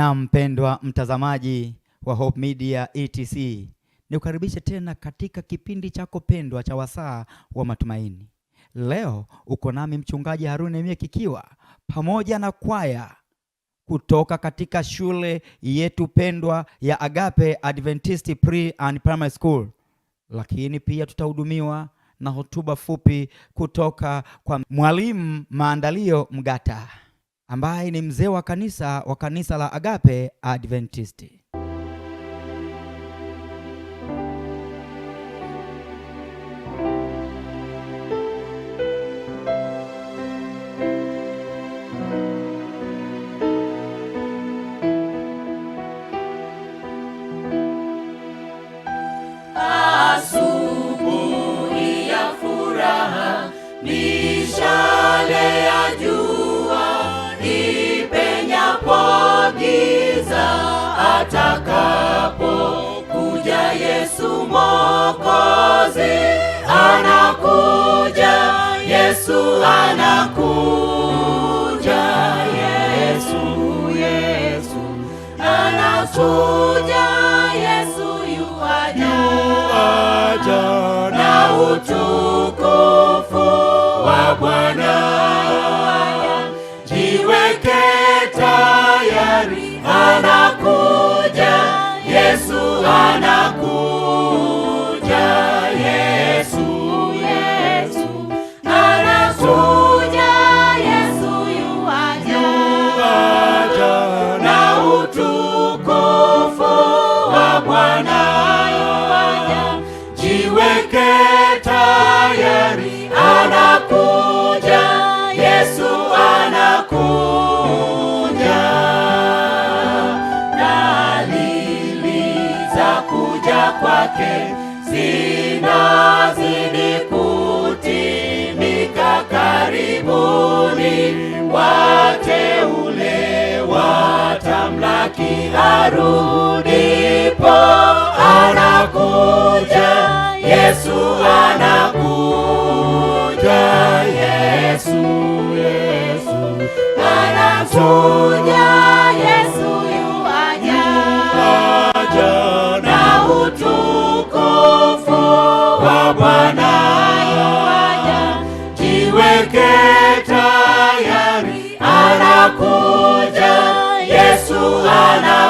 Na mpendwa mtazamaji wa Hope Media ETC, nikukaribishe tena katika kipindi chako pendwa cha wasaa wa matumaini. Leo uko nami mchungaji Harune Mie Kikiwa pamoja na kwaya kutoka katika shule yetu pendwa ya Agape Adventist Pre and Primary School, lakini pia tutahudumiwa na hotuba fupi kutoka kwa mwalimu Maandalio Mgata ambaye ni mzee wa kanisa wa kanisa la Agape Adventisti. arudipo anakuja, Yesu anakuja, Yesu Yesu anakuja, Yesu yuaja, na utukufu wa Bwana yuaja, jiweke tayari, anakuja Yesu ana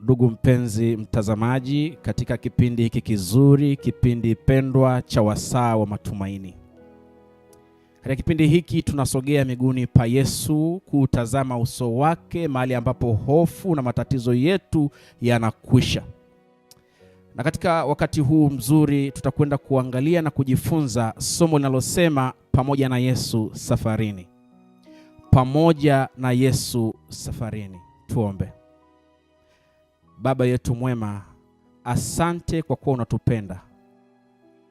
Ndugu mpenzi mtazamaji, katika kipindi hiki kizuri, kipindi pendwa cha wasaa wa matumaini. Katika kipindi hiki tunasogea miguuni pa Yesu kuutazama uso wake, mahali ambapo hofu na matatizo yetu yanakwisha. Na katika wakati huu mzuri tutakwenda kuangalia na kujifunza somo linalosema pamoja na Yesu safarini. Pamoja na Yesu safarini. Tuombe. Baba yetu mwema, asante kwa kuwa unatupenda.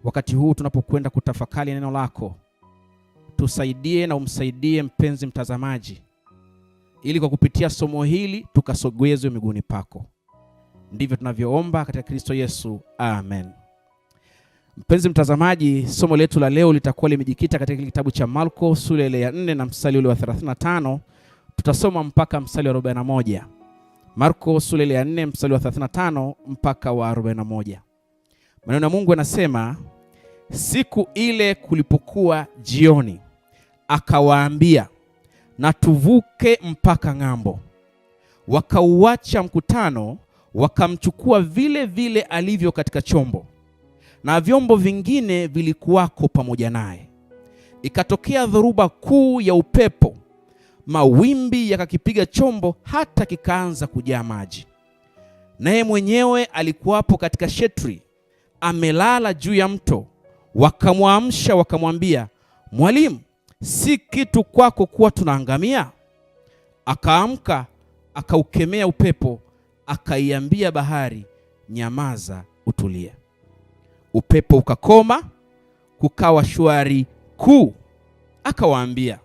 Wakati huu tunapokwenda kutafakari neno lako, tusaidie na umsaidie mpenzi mtazamaji, ili kwa kupitia somo hili tukasogezwe miguuni pako. Ndivyo tunavyoomba katika Kristo Yesu, amen. Mpenzi mtazamaji, somo letu la leo litakuwa limejikita katika kitabu cha Marko sura ile ya 4 na mstari ule wa 35. Tutasoma mpaka mstari wa 41. Marko sura ya 4 mstari wa 35 mpaka wa 41. Maneno ya Mungu yanasema, siku ile kulipokuwa jioni, akawaambia, na tuvuke mpaka ng'ambo. Wakauacha mkutano, wakamchukua vile vile alivyo katika chombo, na vyombo vingine vilikuwako pamoja naye. Ikatokea dhoruba kuu ya upepo mawimbi yakakipiga chombo hata kikaanza kujaa maji. Naye mwenyewe alikuwapo katika shetri amelala juu ya mto. Wakamwamsha wakamwambia, Mwalimu, si kitu kwako kuwa tunaangamia? Akaamka akaukemea upepo, akaiambia bahari, nyamaza, utulia Upepo ukakoma, kukawa shwari kuu. Akawaambia,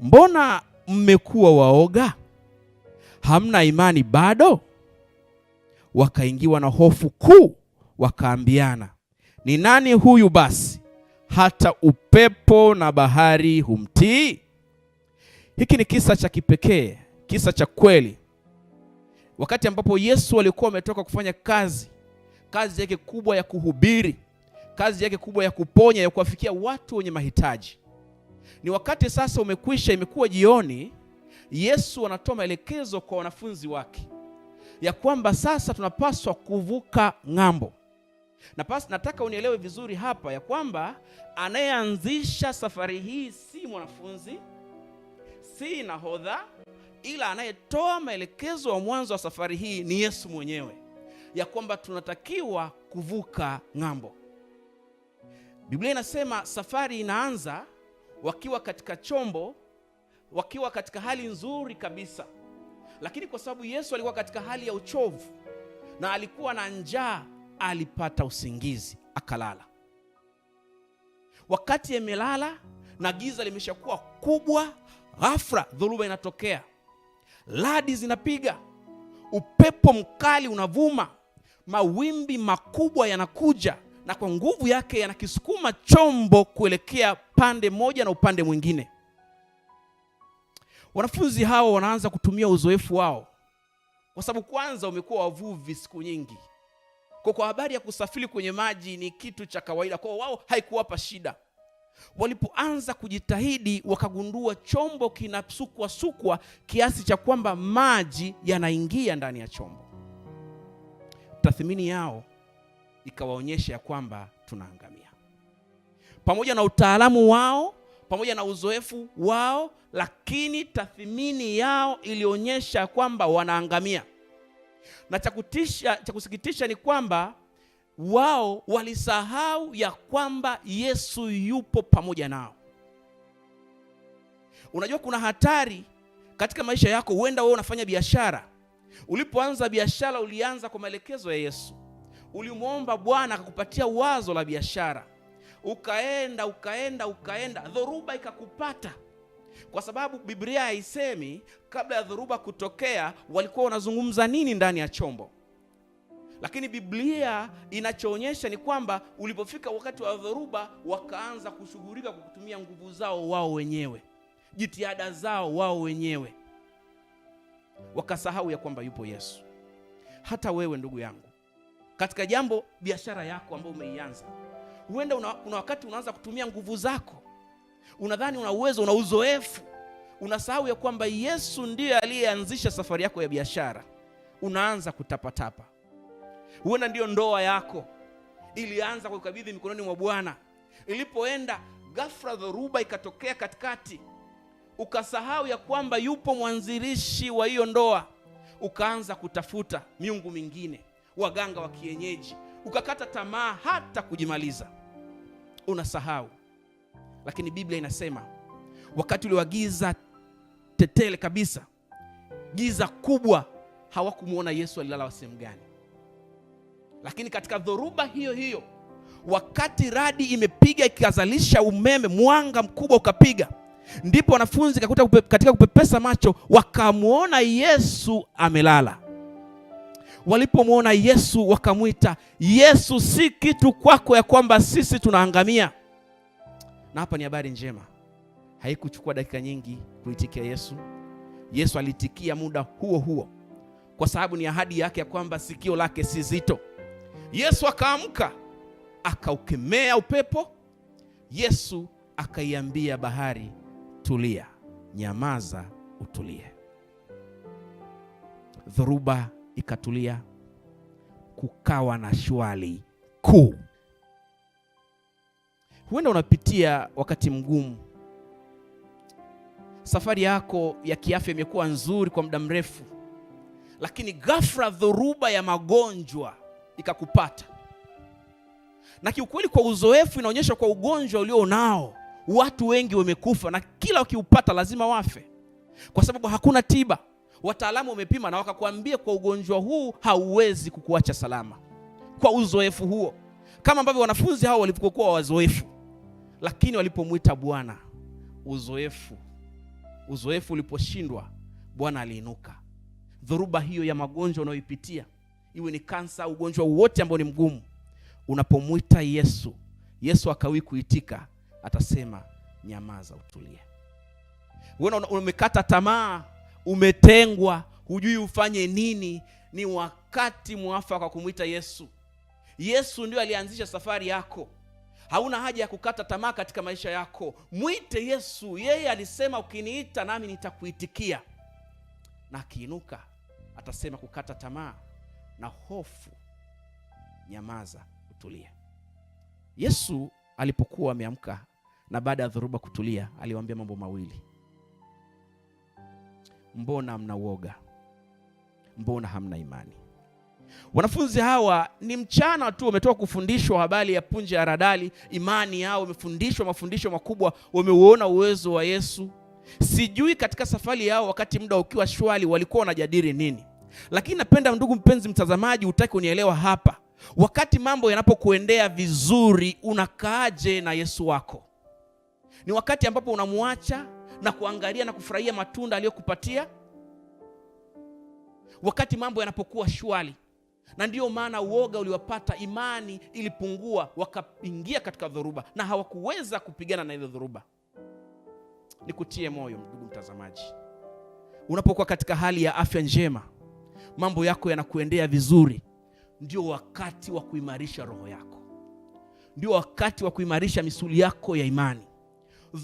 mbona mmekuwa waoga? Hamna imani bado? Wakaingiwa na hofu kuu, wakaambiana, ni nani huyu basi hata upepo na bahari humtii? Hiki ni kisa cha kipekee, kisa cha kweli, wakati ambapo Yesu alikuwa ametoka kufanya kazi, kazi yake kubwa ya kuhubiri, kazi yake kubwa ya kuponya, ya kuwafikia watu wenye mahitaji ni wakati sasa umekwisha, imekuwa jioni. Yesu anatoa maelekezo kwa wanafunzi wake ya kwamba sasa tunapaswa kuvuka ng'ambo. Na pas, nataka unielewe vizuri hapa ya kwamba anayeanzisha safari hii si mwanafunzi, si nahodha, ila anayetoa maelekezo wa mwanzo wa safari hii ni Yesu mwenyewe, ya kwamba tunatakiwa kuvuka ng'ambo. Biblia inasema safari inaanza wakiwa katika chombo, wakiwa katika hali nzuri kabisa, lakini kwa sababu Yesu alikuwa katika hali ya uchovu na alikuwa na njaa, alipata usingizi akalala. Wakati amelala na giza limeshakuwa kubwa, ghafla dhoruba inatokea, radi zinapiga, upepo mkali unavuma, mawimbi makubwa yanakuja na kwa nguvu yake yanakisukuma chombo kuelekea pande moja na upande mwingine. Wanafunzi hao wanaanza kutumia uzoefu wao, kwa sababu kwanza wamekuwa wavuvi siku nyingi, kwa kwa habari ya kusafiri kwenye maji ni kitu cha kawaida kwao, wao haikuwapa shida. Walipoanza kujitahidi, wakagundua chombo kinasukwa sukwa kiasi cha kwamba maji yanaingia ndani ya chombo. Tathmini yao ikawaonyesha ya kwamba tunaangamia. Pamoja na utaalamu wao, pamoja na uzoefu wao, lakini tathmini yao ilionyesha kwamba wanaangamia. Na cha kutisha, cha kusikitisha ni kwamba wao walisahau ya kwamba Yesu yupo pamoja nao. Unajua kuna hatari katika maisha yako. Huenda wewe unafanya biashara, ulipoanza biashara ulianza kwa maelekezo ya Yesu ulimwomba Bwana akakupatia wazo la biashara, ukaenda ukaenda ukaenda, dhoruba ikakupata kwa sababu Biblia haisemi kabla ya dhoruba kutokea walikuwa wanazungumza nini ndani ya chombo, lakini Biblia inachoonyesha ni kwamba ulipofika wakati wa dhoruba, wakaanza kushughulika kwa kutumia nguvu zao wao wenyewe, jitihada zao wao wenyewe, wakasahau ya kwamba yupo Yesu. Hata wewe ndugu yangu, katika jambo biashara yako ambayo umeianza. Huenda una, kuna wakati unaanza kutumia nguvu zako, unadhani una uwezo, una uzoefu, unasahau ya kwamba Yesu ndiye aliyeanzisha safari yako ya biashara. Unaanza kutapatapa. Huenda ndiyo ndoa yako ilianza kwa kukabidhi mikononi mwa Bwana, ilipoenda ghafla dhoruba ikatokea katikati, ukasahau ya kwamba yupo mwanzilishi wa hiyo ndoa, ukaanza kutafuta miungu mingine waganga wa kienyeji, ukakata tamaa hata kujimaliza, unasahau. Lakini Biblia inasema wakati ule wa giza tetele kabisa, giza kubwa, hawakumwona Yesu alilala sehemu gani. Lakini katika dhoruba hiyo hiyo, wakati radi imepiga ikazalisha umeme, mwanga mkubwa ukapiga, ndipo wanafunzi kakuta katika kupepesa macho wakamwona Yesu amelala walipomwona Yesu wakamwita Yesu, si kitu kwako ya kwamba sisi tunaangamia. Na hapa ni habari njema, haikuchukua dakika nyingi kuitikia Yesu. Yesu alitikia muda huo huo, kwa sababu ni ahadi yake ya kwamba sikio lake si zito. Yesu akaamka akaukemea upepo. Yesu akaiambia bahari, tulia, nyamaza, utulie. Dhoruba ikatulia, kukawa na shwari kuu. Huenda unapitia wakati mgumu, safari yako ya kiafya imekuwa nzuri kwa muda mrefu, lakini ghafla dhoruba ya magonjwa ikakupata, na kiukweli, kwa uzoefu inaonyesha kwa ugonjwa ulio nao watu wengi wamekufa, na kila wakiupata lazima wafe, kwa sababu hakuna tiba. Wataalamu wamepima na wakakuambia kwa ugonjwa huu hauwezi kukuacha salama kwa uzoefu huo, kama ambavyo wanafunzi hao walipokuwa wazoefu, lakini walipomwita Bwana uzoefu uzoefu uliposhindwa, Bwana aliinuka. Dhoruba hiyo ya magonjwa unayoipitia iwe ni kansa au ugonjwa wote ambao ni mgumu, unapomwita Yesu, Yesu akawi kuitika, atasema nyamaza, utulie. Wewe umekata tamaa umetengwa, hujui ufanye nini, ni wakati mwafaka wa kumwita Yesu. Yesu ndio alianzisha safari yako. Hauna haja ya kukata tamaa katika maisha yako, mwite Yesu. Yeye alisema ukiniita nami nitakuitikia, na akiinuka atasema kukata tamaa na hofu, nyamaza, utulia. Yesu alipokuwa ameamka na baada ya dhoruba kutulia, aliwaambia mambo mawili mbona hamna uoga? Mbona hamna imani? Wanafunzi hawa ni mchana tu wametoka kufundishwa habari ya punje ya radali imani yao, wamefundishwa mafundisho makubwa, wameuona uwezo wa Yesu. Sijui katika safari yao, wakati muda ukiwa shwali walikuwa wanajadili nini, lakini napenda, ndugu mpenzi mtazamaji, utaki unielewa hapa, wakati mambo yanapokuendea vizuri, unakaaje na Yesu wako? Ni wakati ambapo unamwacha na kuangalia na kufurahia matunda aliyokupatia wakati mambo yanapokuwa shwari. Na ndiyo maana uoga uliwapata, imani ilipungua, wakaingia katika dhoruba na hawakuweza kupigana na ile dhoruba. Nikutie moyo ndugu mtazamaji, unapokuwa katika hali ya afya njema, mambo yako yanakuendea vizuri, ndio wakati wa kuimarisha roho yako, ndio wakati wa kuimarisha misuli yako ya imani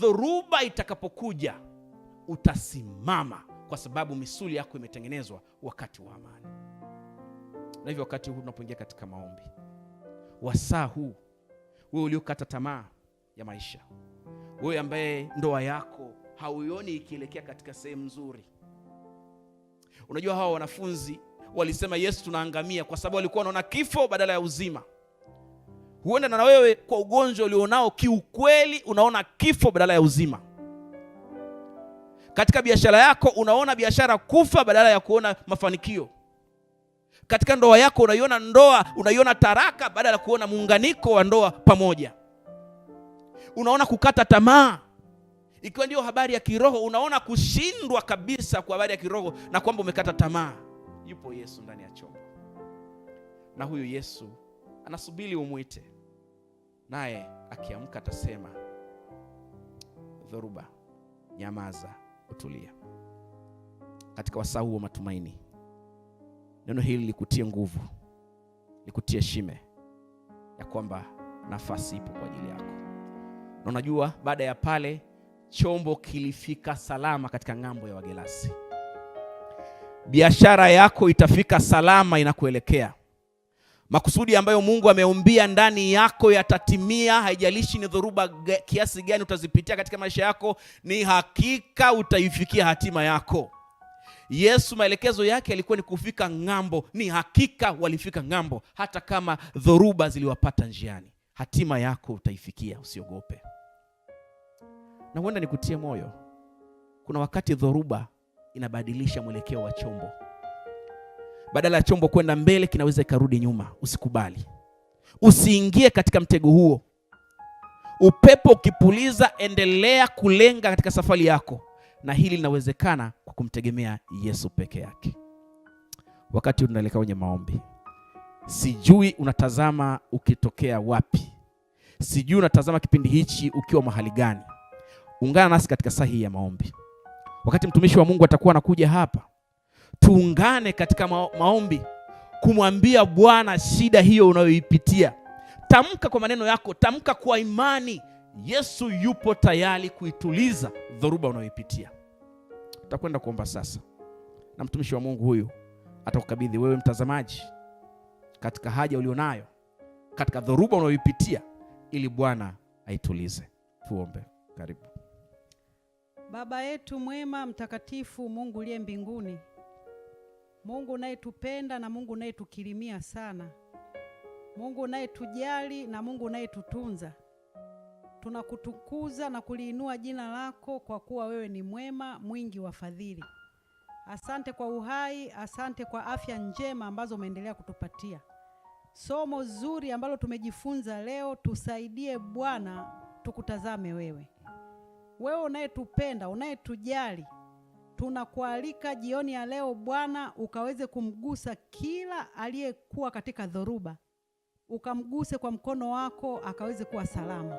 dhoruba itakapokuja utasimama, kwa sababu misuli yako imetengenezwa wakati wa amani. Na hivyo wakati huu tunapoingia katika maombi, wasaa huu, wewe uliokata tamaa ya maisha, wewe ambaye ndoa yako hauioni ikielekea katika sehemu nzuri. Unajua hawa wanafunzi walisema Yesu, tunaangamia, kwa sababu walikuwa wanaona kifo badala ya uzima. Huenda na wewe kwa ugonjwa ulionao, kiukweli unaona kifo badala ya uzima. Katika biashara yako unaona biashara kufa badala ya kuona mafanikio. Katika ndoa yako unaiona ndoa, unaiona taraka badala ya kuona muunganiko wa ndoa pamoja. Unaona kukata tamaa ikiwa ndio habari ya kiroho, unaona kushindwa kabisa kwa habari ya kiroho na kwamba umekata tamaa. Yupo Yesu ndani ya chombo, na huyu Yesu anasubiri umwite, naye akiamka atasema dhoruba, nyamaza, utulia. Katika wasaa huu wa matumaini, neno hili likutie nguvu, likutie shime ya kwamba nafasi ipo kwa ajili yako, na unajua, baada ya pale chombo kilifika salama katika ng'ambo ya Wagelasi. Biashara yako itafika salama inakuelekea. Makusudi ambayo Mungu ameumbia ndani yako yatatimia, haijalishi ni dhoruba kiasi gani utazipitia katika maisha yako, ni hakika utaifikia hatima yako. Yesu maelekezo yake yalikuwa ni kufika ng'ambo, ni hakika walifika ng'ambo, hata kama dhoruba ziliwapata njiani. Hatima yako utaifikia, usiogope. Na huenda nikutie moyo, kuna wakati dhoruba inabadilisha mwelekeo wa chombo. Badala ya chombo kwenda mbele, kinaweza ikarudi nyuma. Usikubali, usiingie katika mtego huo. Upepo ukipuliza, endelea kulenga katika safari yako, na hili linawezekana kwa kumtegemea Yesu peke yake. Wakati unaelekea kwenye maombi, sijui unatazama ukitokea wapi, sijui unatazama kipindi hichi ukiwa mahali gani. Ungana nasi katika saa hii ya maombi, wakati mtumishi wa Mungu atakuwa anakuja hapa tuungane katika maombi kumwambia Bwana shida hiyo unayoipitia. Tamka kwa maneno yako, tamka kwa imani. Yesu yupo tayari kuituliza dhoruba unayoipitia. utakwenda kuomba sasa, na mtumishi wa Mungu huyu atakukabidhi wewe mtazamaji katika haja ulionayo, katika dhoruba unayoipitia, ili Bwana aitulize. Tuombe. Karibu. Baba yetu mwema, mtakatifu, Mungu uliye mbinguni Mungu unayetupenda na Mungu unayetukirimia sana, Mungu unayetujali na Mungu unayetutunza, tunakutukuza na kuliinua jina lako kwa kuwa wewe ni mwema, mwingi wa fadhili. Asante kwa uhai, asante kwa afya njema ambazo umeendelea kutupatia. Somo zuri ambalo tumejifunza leo, tusaidie Bwana, tukutazame wewe, wewe unayetupenda, unayetujali tunakualika jioni ya leo Bwana ukaweze kumgusa kila aliyekuwa katika dhoruba, ukamguse kwa mkono wako akaweze kuwa salama,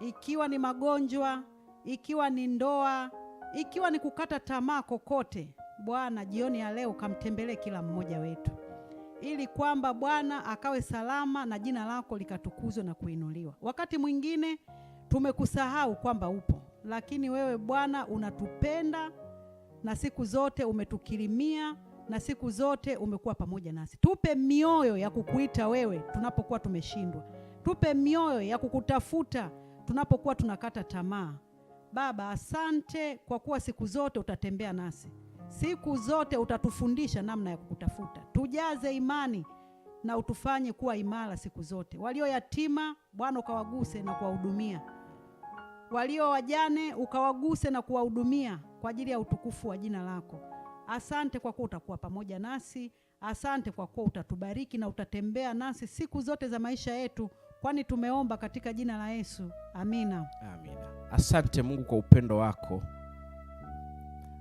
ikiwa ni magonjwa, ikiwa ni ndoa, ikiwa ni kukata tamaa, kokote Bwana, jioni ya leo ukamtembelee kila mmoja wetu, ili kwamba Bwana akawe salama na jina lako likatukuzwe na kuinuliwa. Wakati mwingine tumekusahau kwamba upo, lakini wewe Bwana unatupenda na siku zote umetukirimia na siku zote umekuwa pamoja nasi. Tupe mioyo ya kukuita wewe tunapokuwa tumeshindwa, tupe mioyo ya kukutafuta tunapokuwa tunakata tamaa. Baba, asante kwa kuwa siku zote utatembea nasi, siku zote utatufundisha namna ya kukutafuta. Tujaze imani na utufanye kuwa imara siku zote. Walio yatima Bwana, ukawaguse na kuwahudumia walio wajane ukawaguse na kuwahudumia kwa ajili ya utukufu wa jina lako. Asante kwa kuwa utakuwa pamoja nasi, asante kwa kuwa utatubariki na utatembea nasi siku zote za maisha yetu, kwani tumeomba katika jina la Yesu, amina. Amina. Asante Mungu kwa upendo wako,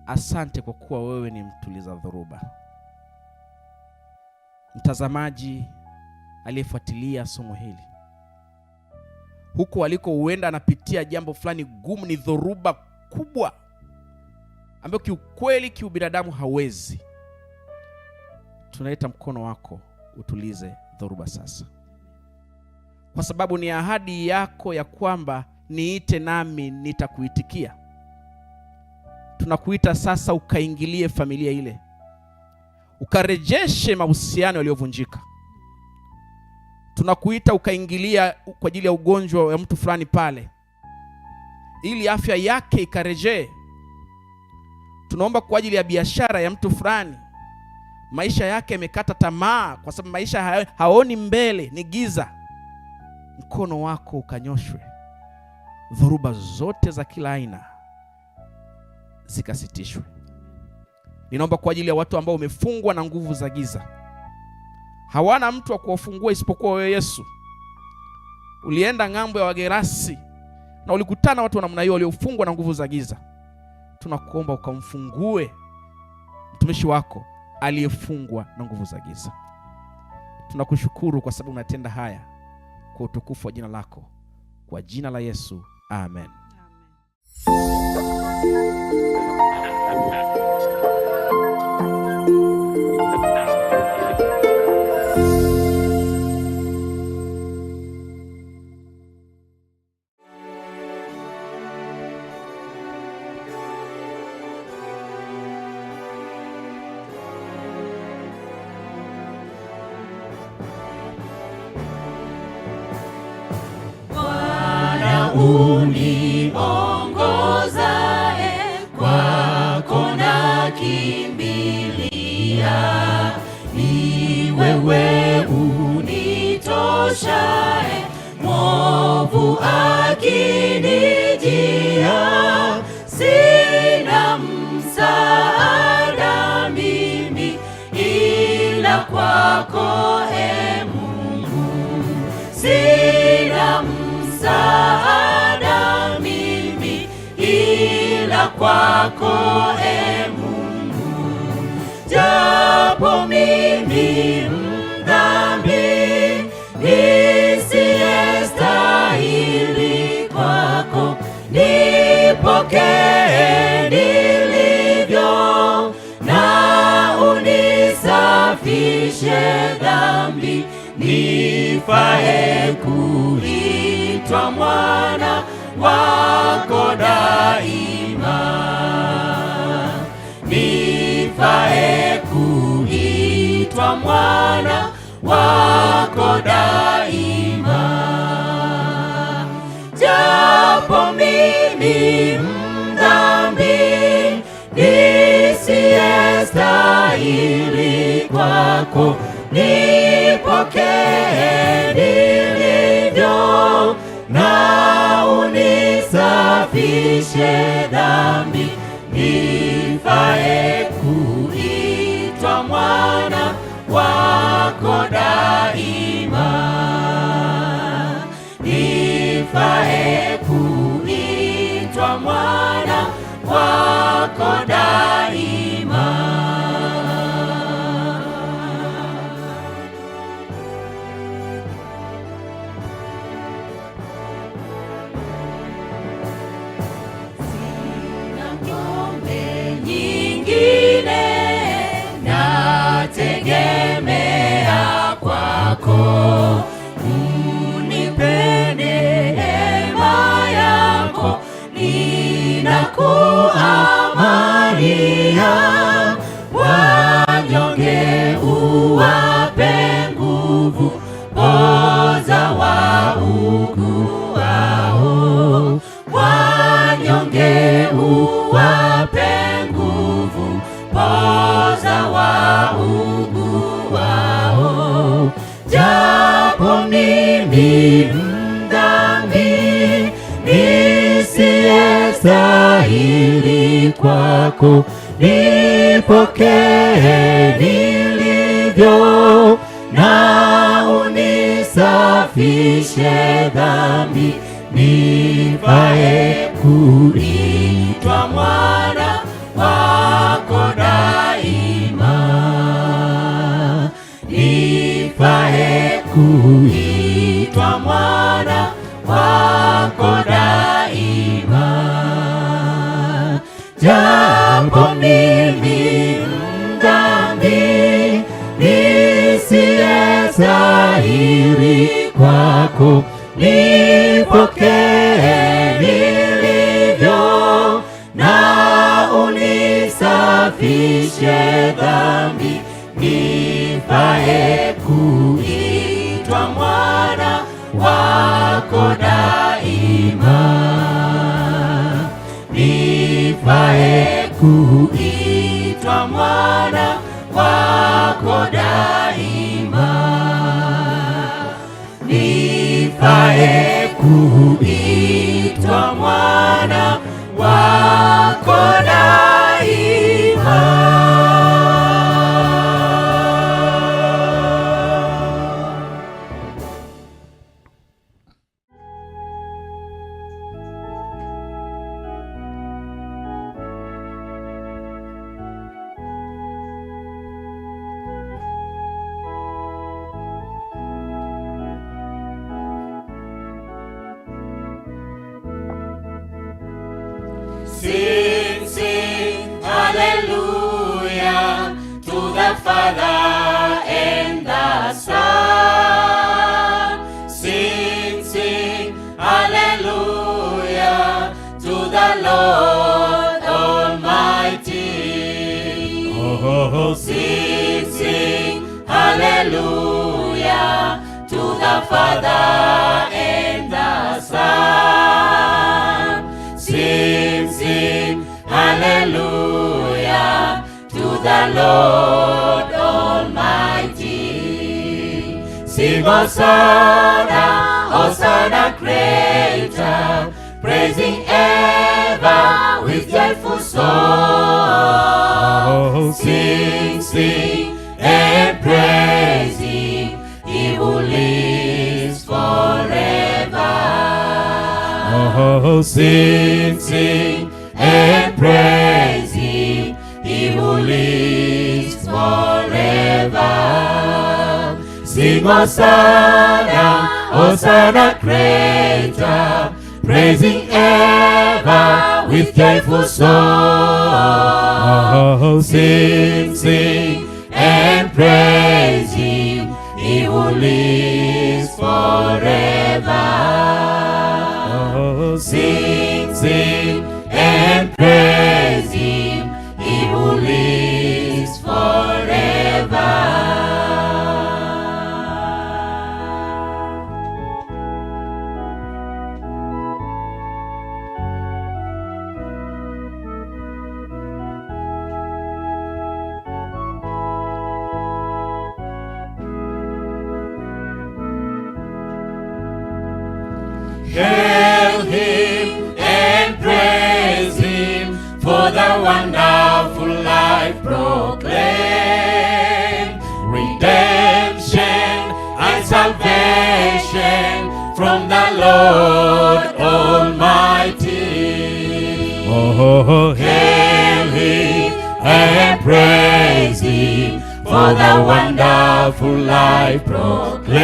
asante kwa kuwa wewe ni mtuliza dhoruba. Mtazamaji aliyefuatilia somo hili huko waliko, huenda anapitia jambo fulani gumu, ni dhoruba kubwa ambayo kiukweli kiubinadamu hawezi. Tunaita mkono wako utulize dhoruba sasa, kwa sababu ni ahadi yako ya kwamba niite nami nitakuitikia. Tunakuita sasa ukaingilie familia ile, ukarejeshe mahusiano yaliyovunjika tunakuita ukaingilia kwa ajili ya ugonjwa wa mtu fulani pale, ili afya yake ikarejee. Tunaomba kwa ajili ya biashara ya mtu fulani, maisha yake yamekata tamaa, kwa sababu maisha haoni mbele, ni giza. Mkono wako ukanyoshwe, dhoruba zote za kila aina zikasitishwe. Ninaomba kwa ajili ya watu ambao wamefungwa na nguvu za giza hawana mtu wa kuwafungua isipokuwa wewe Yesu. Ulienda ng'ambo ya Wagerasi na ulikutana watu wa namna hiyo waliofungwa na nguvu za giza. Tunakuomba ukamfungue mtumishi wako aliyefungwa na nguvu za giza. Tunakushukuru kwa sababu unatenda haya kwa utukufu wa jina lako, kwa jina la Yesu, amen, amen. kwako e Mungu, japo mimi mdhambi nisiyestahili, kwako nipokee nilivyo, na unisafishe dhambi, nifae kuitwa mwana wako daima, nifae kuitwa mwana wako daima, japo mimi mdhambi nisiyestahili kwako nipokee nisafishe dhambi, nifae kuitwa mwana wako daima, nifae kuitwa mwana wako daima maria wanyonge uwape nguvu, poza wauguao wanyonge uwape nguvu, poza wauguao japo mimi stahili kwako, nipokee vilivyo na unisafishe dhambi, nifae kuitwa mwana wako daima, nifae kuitwa mwana dhahiri kwako, nipokee nilivyo, na unisafishe dhambi, nifae kuitwa mwana wako daima, nifae kuitwa mwana wako daima atakaye sing hallelujah to the Father and the Son. Sing, sing hallelujah to the Lord Almighty. Sing Hosanna, Hosanna Creator, praising ever with joyful Oh, Sing, sing, and praise Him, He who lives forever. Oh, sing, sing, and praise Him, He who lives forever. Sing, Hosanna, Hosanna, Creator, praising with joyful song. Sing, sing, and praise Him, He who lives forever. Oh, sing, sing, and praise from the Lord Almighty. Oh, hail Him and praise Him for the wonderful life proclaimed.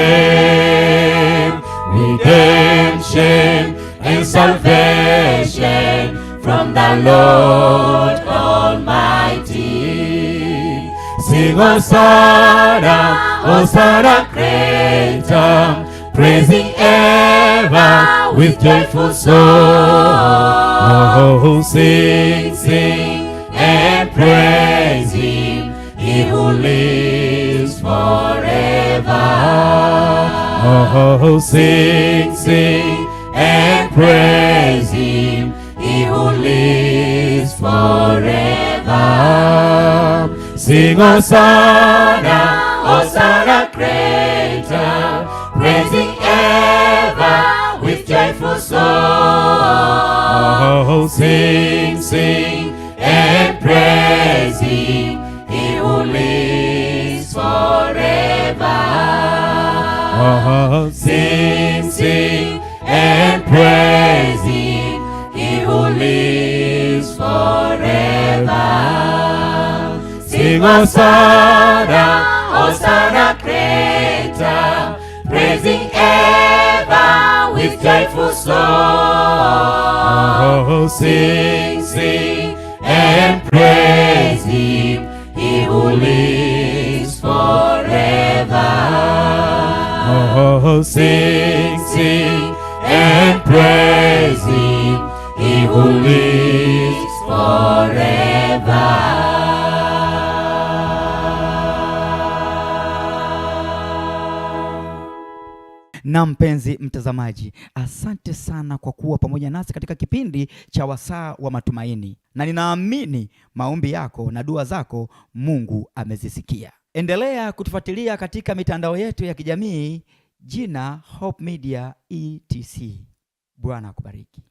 Redemption and salvation from the Lord Almighty. Sing Hosanna, Hosanna, Creator praising ever with joyful soul. Oh, sing, sing, and praise Him, He who lives forever. Oh, sing, sing, and praise Him, He who lives forever. Sing, Hosanna, Hosanna, praise. Oh, sing, sing, and praise Him, He who lives forever. Oh, sing, sing, and praise Him, He who lives forever. Sing, Hosanna, Hosanna, Creator, praising everyone with joyful song. Sing, sing, and praise Him, He who lives forever. Sing, sing, and praise Him, He who lives forever. Na mpenzi mtazamaji, asante sana kwa kuwa pamoja nasi katika kipindi cha wasaa wa matumaini, na ninaamini maombi yako na dua zako Mungu amezisikia. Endelea kutufuatilia katika mitandao yetu ya kijamii, jina Hope Media ETC. Bwana akubariki.